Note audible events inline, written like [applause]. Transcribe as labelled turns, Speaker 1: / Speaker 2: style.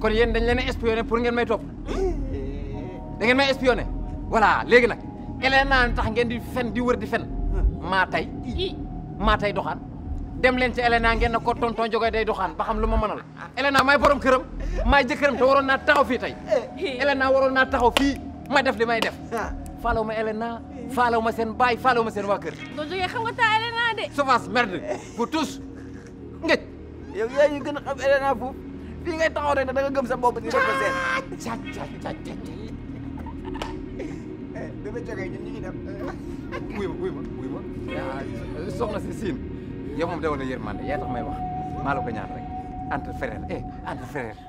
Speaker 1: kon yéen dañ leen a espionné pour ngeen may topp da ngeen may espionné voilà léegi nag Elena tax ngeen di fen di wër di fen maa tey maa tey doxaan dem leen ci Elena ngeen na ko tonton jogoy day doxaan ba xam lu ma mënal Elena maay borom këram maay jëkkëram te waroon naa taxaw fii tey Elena waroon naa taxaw fii ma def li may def
Speaker 2: faalaw ma Elena
Speaker 1: faalaw ma seen baay faalaw ma seen waa kër
Speaker 2: doo jógee xam nga taa Elena de sauvage merde pour tous ngëj yow yaa ñu gën fii ngay taxaw rek da
Speaker 3: nga gëm sa bopp ni dafa seet. ca ca ca ca
Speaker 4: bébé jógee ñun ñu ngi dem. [laughs] wuyu ma wuyu ma wuyu ma.
Speaker 5: soxna si siin
Speaker 6: yow moom dawoon na yërmande yaa tax may wax maa la ko ñaan rek entre frère eh